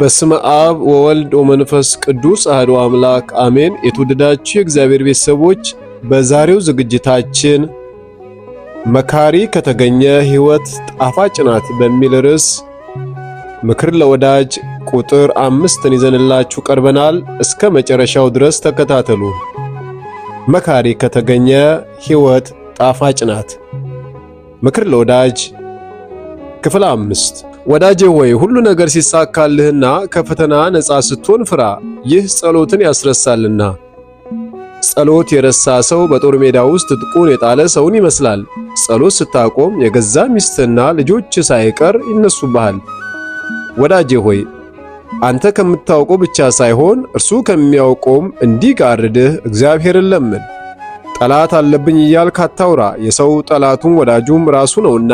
በስመ አብ ወወልድ ወመንፈስ ቅዱስ አህዶ አምላክ አሜን። የተወደዳችሁ የእግዚአብሔር ቤተሰቦች በዛሬው ዝግጅታችን መካሪ ከተገኘ ሕይወት ጣፋጭ ናት በሚል ርዕስ ምክር ለወዳጅ ቁጥር አምስትን ይዘንላችሁ ቀርበናል። እስከ መጨረሻው ድረስ ተከታተሉ። መካሪ ከተገኘ ሕይወት ጣፋጭ ናት። ምክር ለወዳጅ ክፍል አምስት ወዳጄ ወይ ሁሉ ነገር ሲሳካልህና ከፈተና ነፃ ስትሆን ፍራ፣ ይህ ጸሎትን ያስረሳልና። ጸሎት የረሳ ሰው በጦር ሜዳ ውስጥ ጥቁን የጣለ ሰውን ይመስላል። ጸሎት ስታቆም የገዛ ሚስትና ልጆች ሳይቀር ይነሱብሃል። ወዳጄ ሆይ አንተ ከምታውቀው ብቻ ሳይሆን እርሱ ከሚያውቀውም እንዲጋርድህ እግዚአብሔርን ለምን። ጠላት አለብኝ እያልክ አታውራ፣ የሰው ጠላቱን ወዳጁም ራሱ ነውና።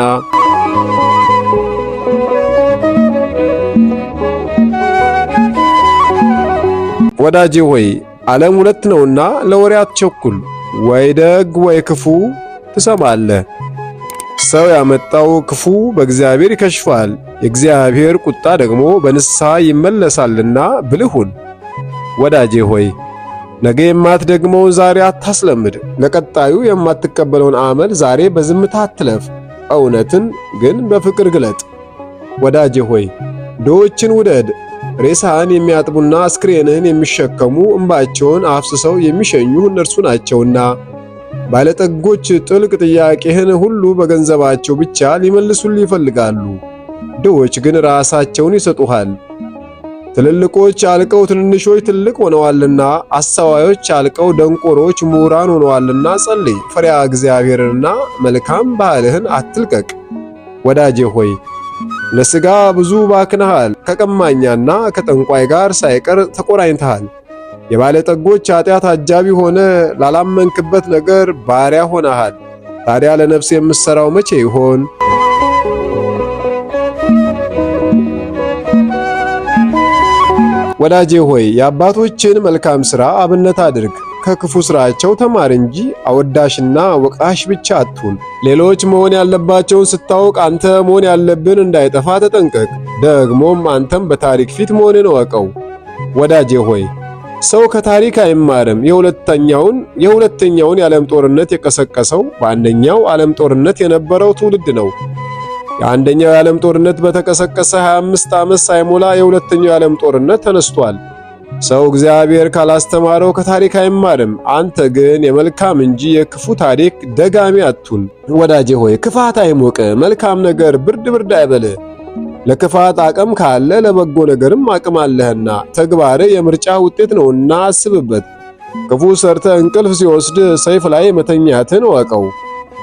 ወዳጄ ሆይ ዓለም ሁለት ነውና ለወሬ አትቸኩል፣ ወይ ደግ ወይ ክፉ ትሰማለህ። ሰው ያመጣው ክፉ በእግዚአብሔር ይከሽፋል፣ የእግዚአብሔር ቁጣ ደግሞ በንስሐ ይመለሳልና ብልሁን! ወዳጄ ሆይ ነገ የማትደግመውን ዛሬ አታስለምድ፣ ለቀጣዩ የማትቀበለውን አመል ዛሬ በዝምታ አትለፍ፣ እውነትን ግን በፍቅር ግለጥ። ወዳጄ ሆይ ድሆችን ውደድ ሬሳህን የሚያጥቡና አስክሬንህን የሚሸከሙ እንባቸውን አፍስሰው የሚሸኙ እነርሱ ናቸውና። ባለጠጎች ጥልቅ ጥያቄህን ሁሉ በገንዘባቸው ብቻ ሊመልሱልህ ይፈልጋሉ። ድሆች ግን ራሳቸውን ይሰጡሃል። ትልልቆች አልቀው ትንንሾች ትልቅ ሆነዋልና፣ አስተዋዮች አልቀው ደንቆሮች ምሁራን ሆነዋልና። ጸልይ፣ ፈሪሃ እግዚአብሔርንና መልካም ባህልህን አትልቀቅ። ወዳጄ ሆይ ለሥጋ ብዙ ባክነሃል፣ ከቀማኛና ከጠንቋይ ጋር ሳይቀር ተቆራኝተሃል። የባለጠጎች ኃጢአት አጃቢ ሆነ፣ ላላመንክበት ነገር ባሪያ ሆነሃል። ታዲያ ለነፍስ የምሠራው መቼ ይሆን? ወዳጄ ሆይ የአባቶችን መልካም ሥራ አብነት አድርግ። ከክፉ ስራቸው ተማር እንጂ አወዳሽና ወቃሽ ብቻ አትሁን። ሌሎች መሆን ያለባቸውን ስታውቅ አንተ መሆን ያለብን እንዳይጠፋ ተጠንቀቅ። ደግሞም አንተም በታሪክ ፊት መሆንን እወቀው። ወዳጄ ሆይ ሰው ከታሪክ አይማርም። የሁለተኛውን የሁለተኛውን የዓለም ጦርነት የቀሰቀሰው በአንደኛው ዓለም ጦርነት የነበረው ትውልድ ነው። የአንደኛው የዓለም ጦርነት በተቀሰቀሰ 25 ዓመት ሳይሞላ የሁለተኛው የዓለም ጦርነት ተነስቷል። ሰው እግዚአብሔር ካላስተማረው ከታሪክ አይማርም። አንተ ግን የመልካም እንጂ የክፉ ታሪክ ደጋሚ አቱን። ወዳጄ ሆይ ክፋት አይሞቅ፣ መልካም ነገር ብርድ ብርድ አይበል። ለክፋት አቅም ካለ ለበጎ ነገርም አቅም አለህና ተግባር የምርጫ ውጤት ነውና አስብበት። ክፉ ሰርተ እንቅልፍ ሲወስድ ሰይፍ ላይ መተኛትን ወቀው።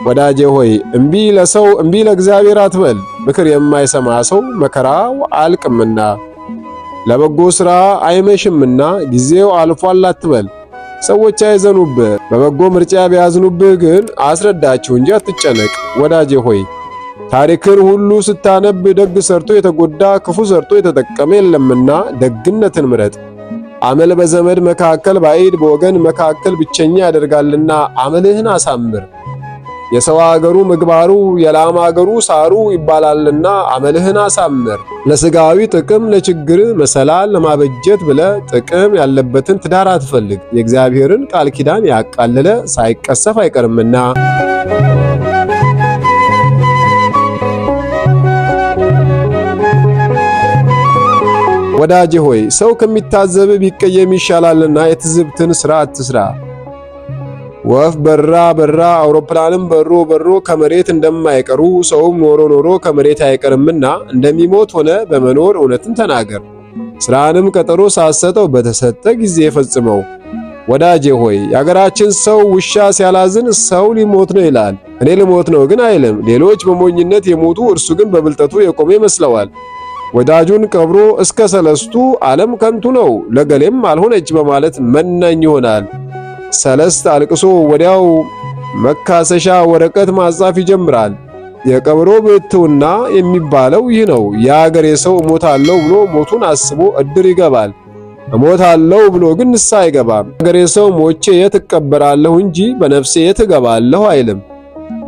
ወዳጄ ሆይ እምቢ ለሰው እምቢ ለእግዚአብሔር አትበል፣ ምክር የማይሰማ ሰው መከራው አልቅምና ለበጎ ሥራ አይመሽምና ጊዜው አልፏል አትበል። ሰዎች አይዘኑብህ፣ በበጎ ምርጫ ቢያዝኑብህ ግን አስረዳቸው እንጂ አትጨነቅ። ወዳጄ ሆይ ታሪክን ሁሉ ስታነብ ደግ ሰርቶ የተጎዳ ክፉ ሰርቶ የተጠቀመ የለምና ደግነትን ምረጥ። አመል በዘመድ መካከል ባዕድ በወገን መካከል ብቸኛ ያደርጋልና አመልህን አሳምር። የሰው አገሩ ምግባሩ የላም አገሩ ሳሩ ይባላልና አመልህን አሳምር። ለስጋዊ ጥቅም ለችግር መሰላል ለማበጀት ብለ ጥቅም ያለበትን ትዳር አትፈልግ። የእግዚአብሔርን ቃል ኪዳን ያቃለለ ሳይቀሰፍ አይቀርምና። ወዳጄ ሆይ ሰው ከሚታዘብ ቢቀየም ይሻላልና የትዝብትን ስራ አትስራ። ወፍ በራ በራ አውሮፕላንም በሮ በሮ ከመሬት እንደማይቀሩ ሰውም ኖሮ ኖሮ ከመሬት አይቀርምና እንደሚሞት ሆነ በመኖር እውነትን ተናገር። ስራንም ቀጠሮ ሳሰጠው በተሰጠ ጊዜ ፈጽመው። ወዳጄ ሆይ የአገራችን ሰው ውሻ ሲያላዝን ሰው ሊሞት ነው ይላል። እኔ ልሞት ነው ግን አይልም። ሌሎች በሞኝነት የሞቱ እርሱ ግን በብልጠቱ የቆመ ይመስለዋል። ወዳጁን ቀብሮ እስከ ሰለስቱ ዓለም ከንቱ ነው ለገሌም አልሆነች በማለት መናኝ ይሆናል። ሰለስት አልቅሶ ወዲያው መካሰሻ ወረቀት ማጻፍ ይጀምራል። የቀበሮ ብሕትውና የሚባለው ይህ ነው። የአገሬ ሰው እሞታለሁ ብሎ ሞቱን አስቦ እድር ይገባል። እሞታለሁ ብሎ ግን ንስሐ አይገባም። የአገሬ ሰው ሞቼ የት እቀበራለሁ እንጂ በነፍሴ የት እገባለሁ አይልም።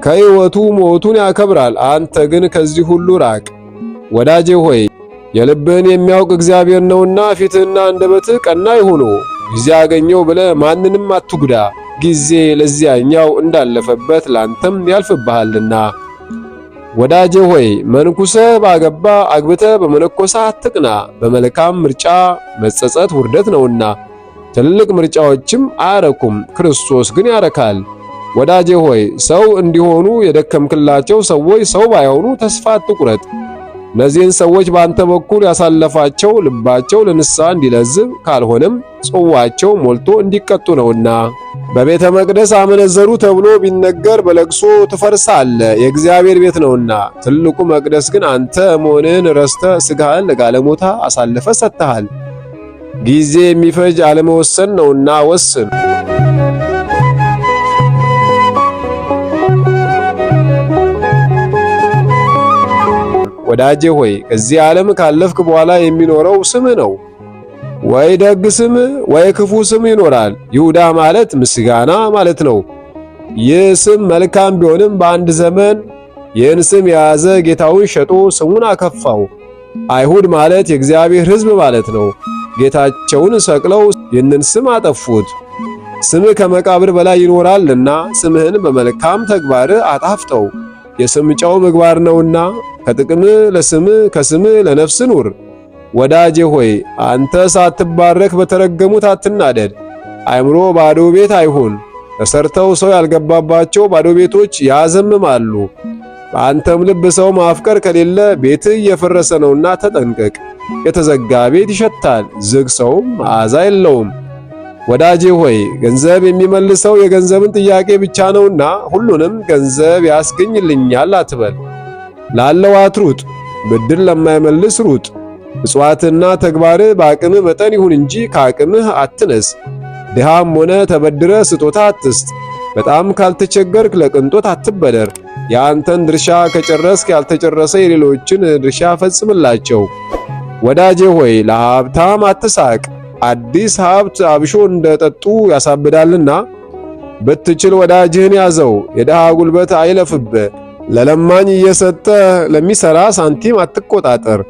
ከሕይወቱ ሞቱን ያከብራል። አንተ ግን ከዚህ ሁሉ ራቅ ወዳጄ ሆይ፣ የልብህን የሚያውቅ እግዚአብሔር ነውና ፊትህና አንደበትህ ቀና ይሁኑ። ጊዜ አገኘው ብለ ማንንም አትጉዳ። ጊዜ ለዚያኛው እንዳለፈበት ላንተም ያልፍብሃልና። ወዳጀ ሆይ መንኩሰ ባገባ አግብተ በመነኮሳ አትቅና። በመልካም ምርጫ መጸጸት ውርደት ነውና ትልልቅ ምርጫዎችም አያረኩም፣ ክርስቶስ ግን ያረካል። ወዳጄ ሆይ ሰው እንዲሆኑ የደከምክላቸው ሰዎች ሰው ባይሆኑ ተስፋ አትቁረጥ። እነዚህን ሰዎች በአንተ በኩል ያሳለፋቸው ልባቸው ለንስሐ እንዲለዝብ ካልሆነም ጽዋቸው ሞልቶ እንዲቀጡ ነውና በቤተ መቅደስ አመነዘሩ ተብሎ ቢነገር በለቅሶ ትፈርሳለ፣ የእግዚአብሔር ቤት ነውና። ትልቁ መቅደስ ግን አንተ መሆንህን ረስተ ሥጋህን ለጋለሞታ አሳልፈ ሰጥተሃል። ጊዜ የሚፈጅ አለመወሰን ነውና ወስን። ወዳጄ ሆይ ከዚህ ዓለም ካለፍክ በኋላ የሚኖረው ስም ነው። ወይ ደግ ስም ወይ ክፉ ስም ይኖራል። ይሁዳ ማለት ምስጋና ማለት ነው። ይህ ስም መልካም ቢሆንም በአንድ ዘመን ይህን ስም የያዘ ጌታውን ሸጦ ስሙን አከፋው። አይሁድ ማለት የእግዚአብሔር ሕዝብ ማለት ነው። ጌታቸውን ሰቅለው ይህንን ስም አጠፉት። ስምህ ከመቃብር በላይ ይኖራልና ስምህን በመልካም ተግባር አጣፍጠው የስም ጨው ምግባር ነውና ከጥቅም ለስም ከስም ለነፍስ ኑር። ወዳጄ ሆይ አንተ ሳትባረክ በተረገሙት አትናደድ። አእምሮ ባዶ ቤት አይሁን። ተሰርተው ሰው ያልገባባቸው ባዶ ቤቶች ያዘምማሉ። በአንተም ልብ ሰው ማፍቀር ከሌለ ቤት እየፈረሰ ነውና ተጠንቀቅ። የተዘጋ ቤት ይሸታል፣ ዝግ ሰውም መዓዛ የለውም። ወዳጄ ሆይ ገንዘብ የሚመልሰው የገንዘብን ጥያቄ ብቻ ነውና ሁሉንም ገንዘብ ያስገኝልኛል አትበል። ላለው አትሩጥ፣ ብድር ለማይመልስ ሩጥ። ምጽዋትና ተግባርህ በአቅምህ መጠን ይሁን እንጂ ከአቅምህ አትነስ። ድሃም ሆነ ተበድረ ስጦታ አትስጥ። በጣም ካልተቸገርክ ለቅንጦት አትበደር። የአንተን ድርሻ ከጨረስክ ያልተጨረሰ የሌሎችን ድርሻ ፈጽምላቸው። ወዳጄ ሆይ ለሀብታም አትሳቅ፣ አዲስ ሀብት አብሾ እንደጠጡ ያሳብዳልና። ብትችል ወዳጅህን ያዘው፣ የድሃ ጉልበት አይለፍብህ። ለለማኝ እየሰጠ ለሚሰራ ሳንቲም አትቆጣጠር፣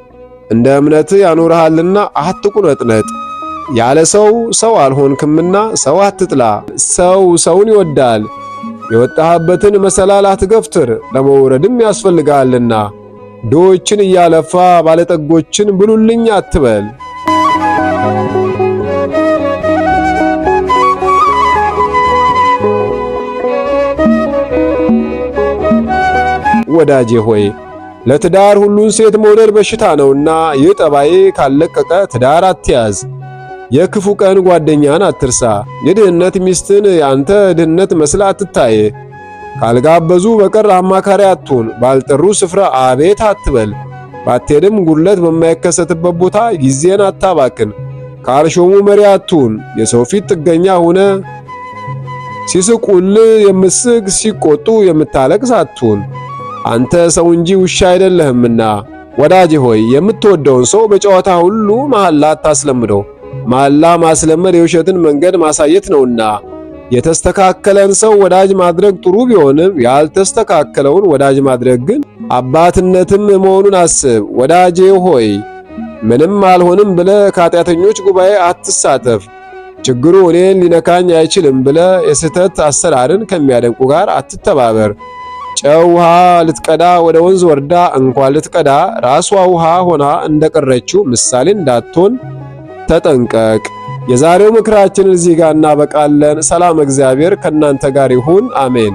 እንደ እምነት ያኖርሃልና አትቁነጥነጥ። ያለ ሰው ሰው አልሆንክምና ሰው አትጥላ። ሰው ሰውን ይወዳል። የወጣህበትን መሰላል አትገፍትር፣ ለመውረድም ያስፈልጋልና። ድሆችን እያለፋ ባለጠጎችን ብሉልኝ አትበል። ወዳጄ ሆይ ለትዳር ሁሉን ሴት መውደድ በሽታ ነውና ይህ ጠባዬ ካለቀቀ ትዳር አትያዝ። የክፉ ቀን ጓደኛን አትርሳ። የድህነት ሚስትን ያንተ ድህነት መስላ አትታይ። ካልጋበዙ በቀር አማካሪ አትሁን። ባልጠሩ ስፍራ አቤት አትበል። ባትሄድም ጉድለት በማይከሰትበት ቦታ ጊዜን አታባክን። ካልሾሙ መሪ አትሁን። የሰው ፊት ጥገኛ ሆነ ሲስቁል የምስግ ሲቆጡ የምታለቅስ አትሁን። አንተ ሰው እንጂ ውሻ አይደለህምና ወዳጅ ሆይ የምትወደውን ሰው በጨዋታ ሁሉ መሐላ አታስለምደው። መሐላ ማስለመድ የውሸትን መንገድ ማሳየት ነውና የተስተካከለን ሰው ወዳጅ ማድረግ ጥሩ ቢሆንም ያልተስተካከለውን ወዳጅ ማድረግ ግን አባትነትም መሆኑን አስብ። ወዳጄ ሆይ ምንም አልሆንም ብለ ከኃጢአተኞች ጉባኤ አትሳተፍ። ችግሩ እኔን ሊነካኝ አይችልም ብለ የስህተት አሰራርን ከሚያደንቁ ጋር አትተባበር። ጨው ውሃ ልትቀዳ ወደ ወንዝ ወርዳ እንኳን ልትቀዳ ራሷ ውሃ ሆና እንደቀረችው ምሳሌ እንዳትሆን ተጠንቀቅ። የዛሬው ምክራችን እዚህ ጋር እናበቃለን። ሰላም፣ እግዚአብሔር ከእናንተ ጋር ይሁን። አሜን።